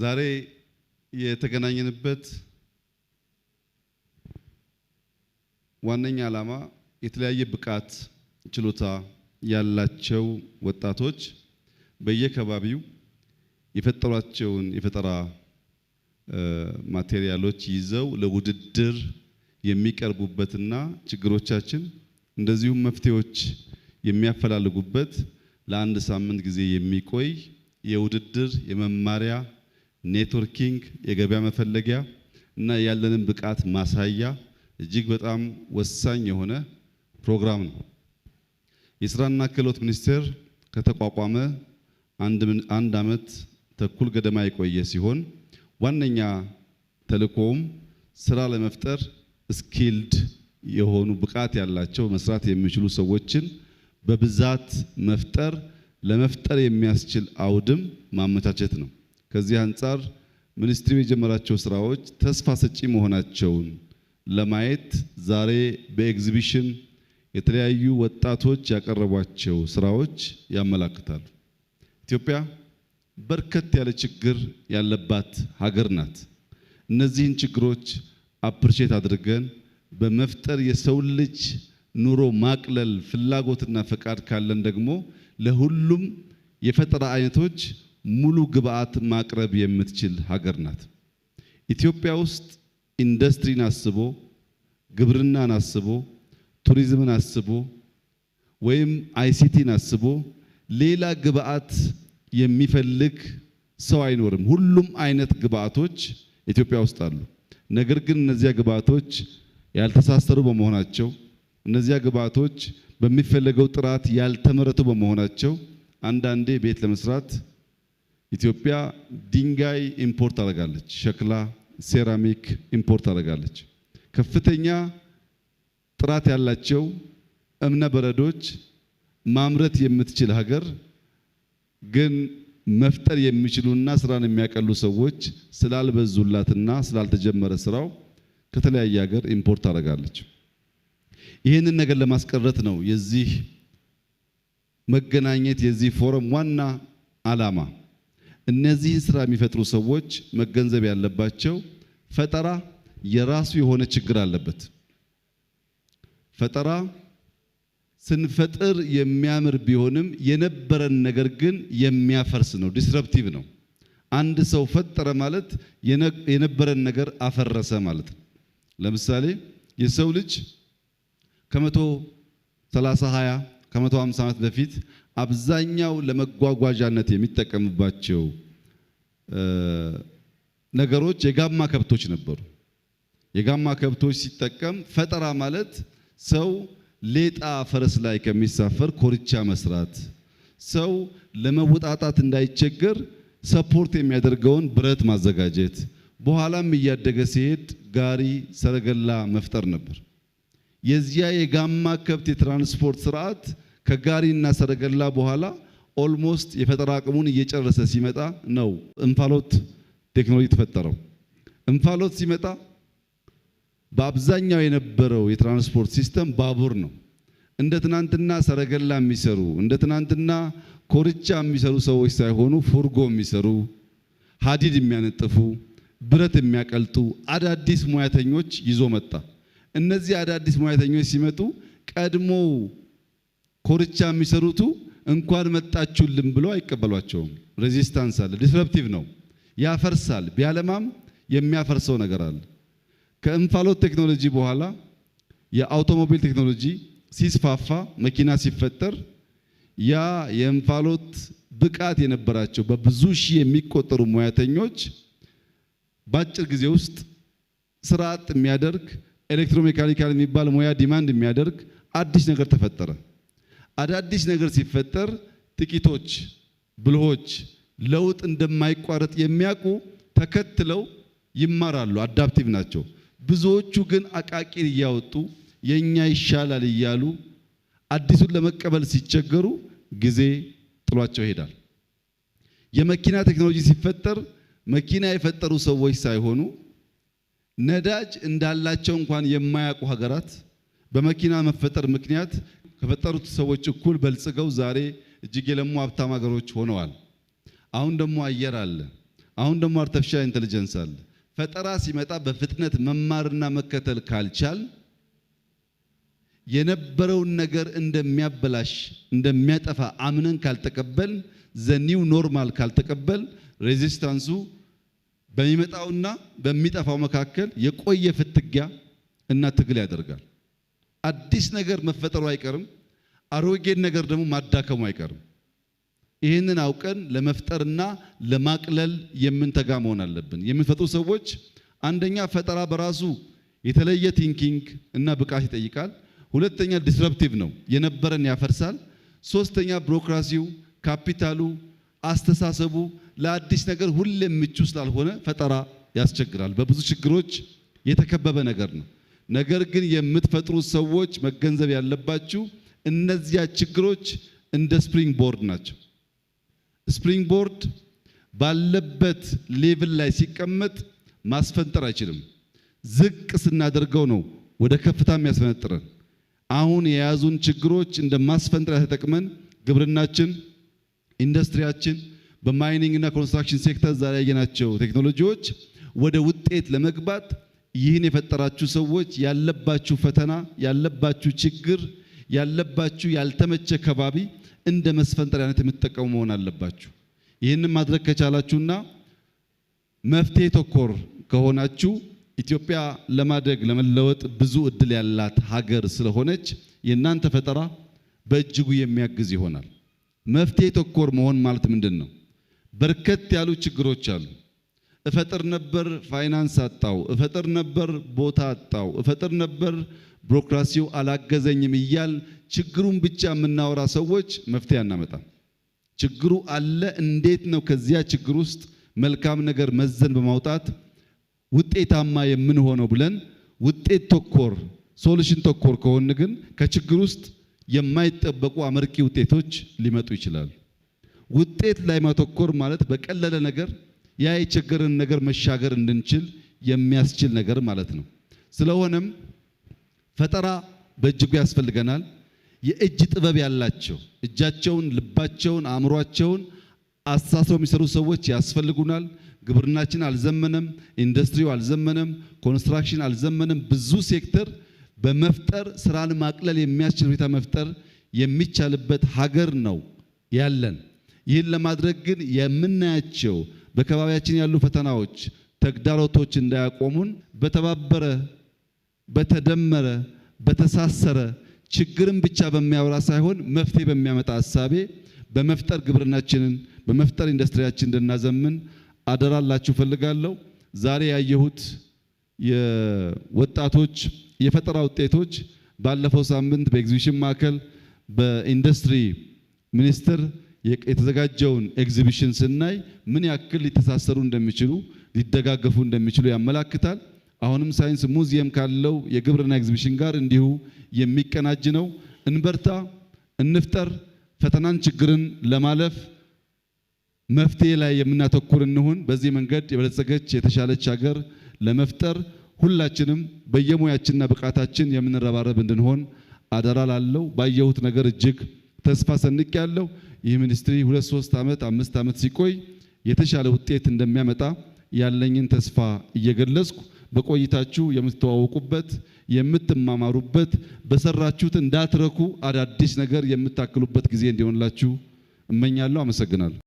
ዛሬ የተገናኘንበት ዋነኛ ዓላማ የተለያየ ብቃት፣ ችሎታ ያላቸው ወጣቶች በየከባቢው የፈጠሯቸውን የፈጠራ ማቴሪያሎች ይዘው ለውድድር የሚቀርቡበትና ችግሮቻችን እንደዚሁም መፍትሄዎች የሚያፈላልጉበት ለአንድ ሳምንት ጊዜ የሚቆይ የውድድር የመማሪያ ኔትወርኪንግ፣ የገበያ መፈለጊያ እና ያለንን ብቃት ማሳያ እጅግ በጣም ወሳኝ የሆነ ፕሮግራም ነው። የስራና ክህሎት ሚኒስቴር ከተቋቋመ አንድ ዓመት ተኩል ገደማ የቆየ ሲሆን ዋነኛ ተልእኮውም ስራ ለመፍጠር ስኪልድ የሆኑ ብቃት ያላቸው መስራት የሚችሉ ሰዎችን በብዛት መፍጠር ለመፍጠር የሚያስችል አውድም ማመቻቸት ነው። ከዚህ አንጻር ሚኒስትሪው የጀመራቸው ስራዎች ተስፋ ሰጪ መሆናቸውን ለማየት ዛሬ በኤግዚቢሽን የተለያዩ ወጣቶች ያቀረቧቸው ስራዎች ያመላክታሉ። ኢትዮጵያ በርከት ያለ ችግር ያለባት ሀገር ናት። እነዚህን ችግሮች አፕርሼት አድርገን በመፍጠር የሰው ልጅ ኑሮ ማቅለል ፍላጎትና ፈቃድ ካለን ደግሞ ለሁሉም የፈጠራ አይነቶች ሙሉ ግብአት ማቅረብ የምትችል ሀገር ናት። ኢትዮጵያ ውስጥ ኢንዱስትሪን አስቦ ግብርናን አስቦ ቱሪዝምን አስቦ ወይም አይሲቲን አስቦ ሌላ ግብአት የሚፈልግ ሰው አይኖርም። ሁሉም አይነት ግብአቶች ኢትዮጵያ ውስጥ አሉ። ነገር ግን እነዚያ ግብአቶች ያልተሳሰሩ በመሆናቸው እነዚያ ግብአቶች በሚፈለገው ጥራት ያልተመረቱ በመሆናቸው አንዳንዴ ቤት ለመስራት ኢትዮጵያ ድንጋይ ኢምፖርት አደርጋለች፣ ሸክላ፣ ሴራሚክ ኢምፖርት አደርጋለች። ከፍተኛ ጥራት ያላቸው እብነ በረዶች ማምረት የምትችል ሀገር ግን መፍጠር የሚችሉና ስራን የሚያቀሉ ሰዎች ስላልበዙላትና ስላልተጀመረ ስራው ከተለያየ ሀገር ኢምፖርት አደርጋለች። ይህንን ነገር ለማስቀረት ነው የዚህ መገናኘት የዚህ ፎረም ዋና ዓላማ። እነዚህን ስራ የሚፈጥሩ ሰዎች መገንዘብ ያለባቸው ፈጠራ የራሱ የሆነ ችግር አለበት። ፈጠራ ስንፈጥር የሚያምር ቢሆንም የነበረን ነገር ግን የሚያፈርስ ነው፣ ዲስረፕቲቭ ነው። አንድ ሰው ፈጠረ ማለት የነበረን ነገር አፈረሰ ማለት ነው። ለምሳሌ የሰው ልጅ ከመቶ 30 20 ከመቶ 50 ዓመት በፊት አብዛኛው ለመጓጓዣነት የሚጠቀምባቸው ነገሮች የጋማ ከብቶች ነበሩ። የጋማ ከብቶች ሲጠቀም ፈጠራ ማለት ሰው ሌጣ ፈረስ ላይ ከሚሳፈር ኮርቻ መስራት፣ ሰው ለመወጣጣት እንዳይቸገር ሰፖርት የሚያደርገውን ብረት ማዘጋጀት፣ በኋላም እያደገ ሲሄድ ጋሪ፣ ሰረገላ መፍጠር ነበር። የዚያ የጋማ ከብት የትራንስፖርት ስርዓት ከጋሪና ሰረገላ በኋላ ኦልሞስት የፈጠራ አቅሙን እየጨረሰ ሲመጣ ነው እንፋሎት ቴክኖሎጂ ተፈጠረው። እንፋሎት ሲመጣ በአብዛኛው የነበረው የትራንስፖርት ሲስተም ባቡር ነው። እንደ ትናንትና ሰረገላ የሚሰሩ እንደ ትናንትና ኮርቻ የሚሰሩ ሰዎች ሳይሆኑ ፉርጎ የሚሰሩ ሀዲድ የሚያነጥፉ ብረት የሚያቀልጡ አዳዲስ ሙያተኞች ይዞ መጣ። እነዚህ አዳዲስ ሙያተኞች ሲመጡ ቀድሞ ኮርቻ የሚሰሩቱ እንኳን መጣችሁልን ብሎ አይቀበሏቸውም። ሬዚስታንስ አለ፣ ዲስረፕቲቭ ነው፣ ያፈርሳል። ቢያለማም የሚያፈርሰው ነገር አለ። ከእንፋሎት ቴክኖሎጂ በኋላ የአውቶሞቢል ቴክኖሎጂ ሲስፋፋ መኪና ሲፈጠር ያ የእንፋሎት ብቃት የነበራቸው በብዙ ሺህ የሚቆጠሩ ሙያተኞች በአጭር ጊዜ ውስጥ ስራ አጥ የሚያደርግ ኤሌክትሮሜካኒካል የሚባል ሙያ ዲማንድ የሚያደርግ አዲስ ነገር ተፈጠረ። አዳዲስ ነገር ሲፈጠር ጥቂቶች ብልሆች ለውጥ እንደማይቋረጥ የሚያውቁ ተከትለው ይማራሉ፣ አዳፕቲቭ ናቸው። ብዙዎቹ ግን አቃቂር እያወጡ የኛ ይሻላል እያሉ አዲሱን ለመቀበል ሲቸገሩ ጊዜ ጥሏቸው ይሄዳል። የመኪና ቴክኖሎጂ ሲፈጠር መኪና የፈጠሩ ሰዎች ሳይሆኑ ነዳጅ እንዳላቸው እንኳን የማያውቁ ሀገራት በመኪና መፈጠር ምክንያት ከፈጠሩት ሰዎች እኩል በልጽገው ዛሬ እጅግ የለሙ ሀብታም ሀገሮች ሆነዋል። አሁን ደግሞ አየር አለ። አሁን ደግሞ አርተፊሻል ኢንተለጀንስ አለ። ፈጠራ ሲመጣ በፍጥነት መማርና መከተል ካልቻል የነበረውን ነገር እንደሚያበላሽ እንደሚያጠፋ አምነን ካልተቀበል ዘኒው ኖርማል ካልተቀበል ሬዚስታንሱ በሚመጣውና በሚጠፋው መካከል የቆየ ፍትጊያ እና ትግል ያደርጋል። አዲስ ነገር መፈጠሩ አይቀርም። አሮጌን ነገር ደግሞ ማዳከሙ አይቀርም። ይህንን አውቀን ለመፍጠርና ለማቅለል የምንተጋ መሆን አለብን። የምንፈጥሩ ሰዎች አንደኛ ፈጠራ በራሱ የተለየ ቲንኪንግ እና ብቃት ይጠይቃል። ሁለተኛ ዲስረፕቲቭ ነው፣ የነበረን ያፈርሳል። ሶስተኛ ቢሮክራሲው፣ ካፒታሉ፣ አስተሳሰቡ ለአዲስ ነገር ሁሌም ምቹ ስላልሆነ ፈጠራ ያስቸግራል። በብዙ ችግሮች የተከበበ ነገር ነው። ነገር ግን የምትፈጥሩ ሰዎች መገንዘብ ያለባችሁ እነዚያ ችግሮች እንደ ስፕሪንግ ቦርድ ናቸው። ስፕሪንግ ቦርድ ባለበት ሌቭል ላይ ሲቀመጥ ማስፈንጠር አይችልም። ዝቅ ስናደርገው ነው ወደ ከፍታ የሚያስፈነጥረን። አሁን የያዙን ችግሮች እንደ ማስፈንጠሪያ ተጠቅመን ግብርናችን፣ ኢንዱስትሪያችን በማይኒንግ እና ኮንስትራክሽን ሴክተር ዛሬ ያየናቸው ቴክኖሎጂዎች ወደ ውጤት ለመግባት ይህን የፈጠራችሁ ሰዎች ያለባችሁ ፈተና፣ ያለባችሁ ችግር፣ ያለባችሁ ያልተመቸ ከባቢ እንደ መስፈንጠሪያ አይነት የምትጠቀሙ መሆን አለባችሁ። ይህንን ማድረግ ከቻላችሁና መፍትሄ ተኮር ከሆናችሁ ኢትዮጵያ ለማደግ ለመለወጥ ብዙ እድል ያላት ሀገር ስለሆነች የእናንተ ፈጠራ በእጅጉ የሚያግዝ ይሆናል። መፍትሄ ተኮር መሆን ማለት ምንድን ነው? በርከት ያሉ ችግሮች አሉ። እፈጥር ነበር፣ ፋይናንስ አጣው፣ እፈጥር ነበር፣ ቦታ አጣው፣ እፈጥር ነበር፣ ቢሮክራሲው አላገዘኝም እያል ችግሩን ብቻ የምናወራ ሰዎች መፍትሄ አናመጣም። ችግሩ አለ። እንዴት ነው ከዚያ ችግር ውስጥ መልካም ነገር መዘን በማውጣት ውጤታማ የምንሆነው ብለን ውጤት ተኮር ሶሉሽን ተኮር ከሆን ግን ከችግር ውስጥ የማይጠበቁ አመርቂ ውጤቶች ሊመጡ ይችላሉ። ውጤት ላይ ማተኮር ማለት በቀለለ ነገር ያ የቸገረን ነገር መሻገር እንድንችል የሚያስችል ነገር ማለት ነው። ስለሆነም ፈጠራ በእጅጉ ያስፈልገናል። የእጅ ጥበብ ያላቸው እጃቸውን፣ ልባቸውን፣ አእምሯቸውን አሳስረው የሚሰሩ ሰዎች ያስፈልጉናል። ግብርናችን አልዘመነም፣ ኢንዱስትሪው አልዘመነም፣ ኮንስትራክሽን አልዘመነም። ብዙ ሴክተር በመፍጠር ስራን ማቅለል የሚያስችል ሁኔታ መፍጠር የሚቻልበት ሀገር ነው ያለን። ይህን ለማድረግ ግን የምናያቸው በከባቢያችን ያሉ ፈተናዎች፣ ተግዳሮቶች እንዳያቆሙን በተባበረ በተደመረ በተሳሰረ ችግርን ብቻ በሚያወራ ሳይሆን መፍትሄ በሚያመጣ ሀሳቤ በመፍጠር ግብርናችንን በመፍጠር ኢንዱስትሪያችን እንድናዘምን አደራላችሁ ፈልጋለሁ። ዛሬ ያየሁት የወጣቶች የፈጠራ ውጤቶች ባለፈው ሳምንት በኤግዚቢሽን ማዕከል በኢንዱስትሪ ሚኒስትር የተዘጋጀውን ኤግዚቢሽን ስናይ ምን ያክል ሊተሳሰሩ እንደሚችሉ ሊደጋገፉ እንደሚችሉ ያመላክታል። አሁንም ሳይንስ ሙዚየም ካለው የግብርና ኤግዚቢሽን ጋር እንዲሁ የሚቀናጅ ነው። እንበርታ፣ እንፍጠር፣ ፈተናን ችግርን ለማለፍ መፍትሄ ላይ የምናተኩር እንሁን። በዚህ መንገድ የበለጸገች የተሻለች ሀገር ለመፍጠር ሁላችንም በየሙያችንና ብቃታችን የምንረባረብ እንድንሆን አደራ ላለው ባየሁት ነገር እጅግ ተስፋ ሰንቅ ያለው ይህ ሚኒስትሪ ሁለት ሶስት ዓመት አምስት ዓመት ሲቆይ የተሻለ ውጤት እንደሚያመጣ ያለኝን ተስፋ እየገለጽኩ በቆይታችሁ የምትተዋወቁበት የምትማማሩበት በሰራችሁት እንዳትረኩ አዳዲስ ነገር የምታክሉበት ጊዜ እንዲሆንላችሁ እመኛለሁ። አመሰግናለሁ።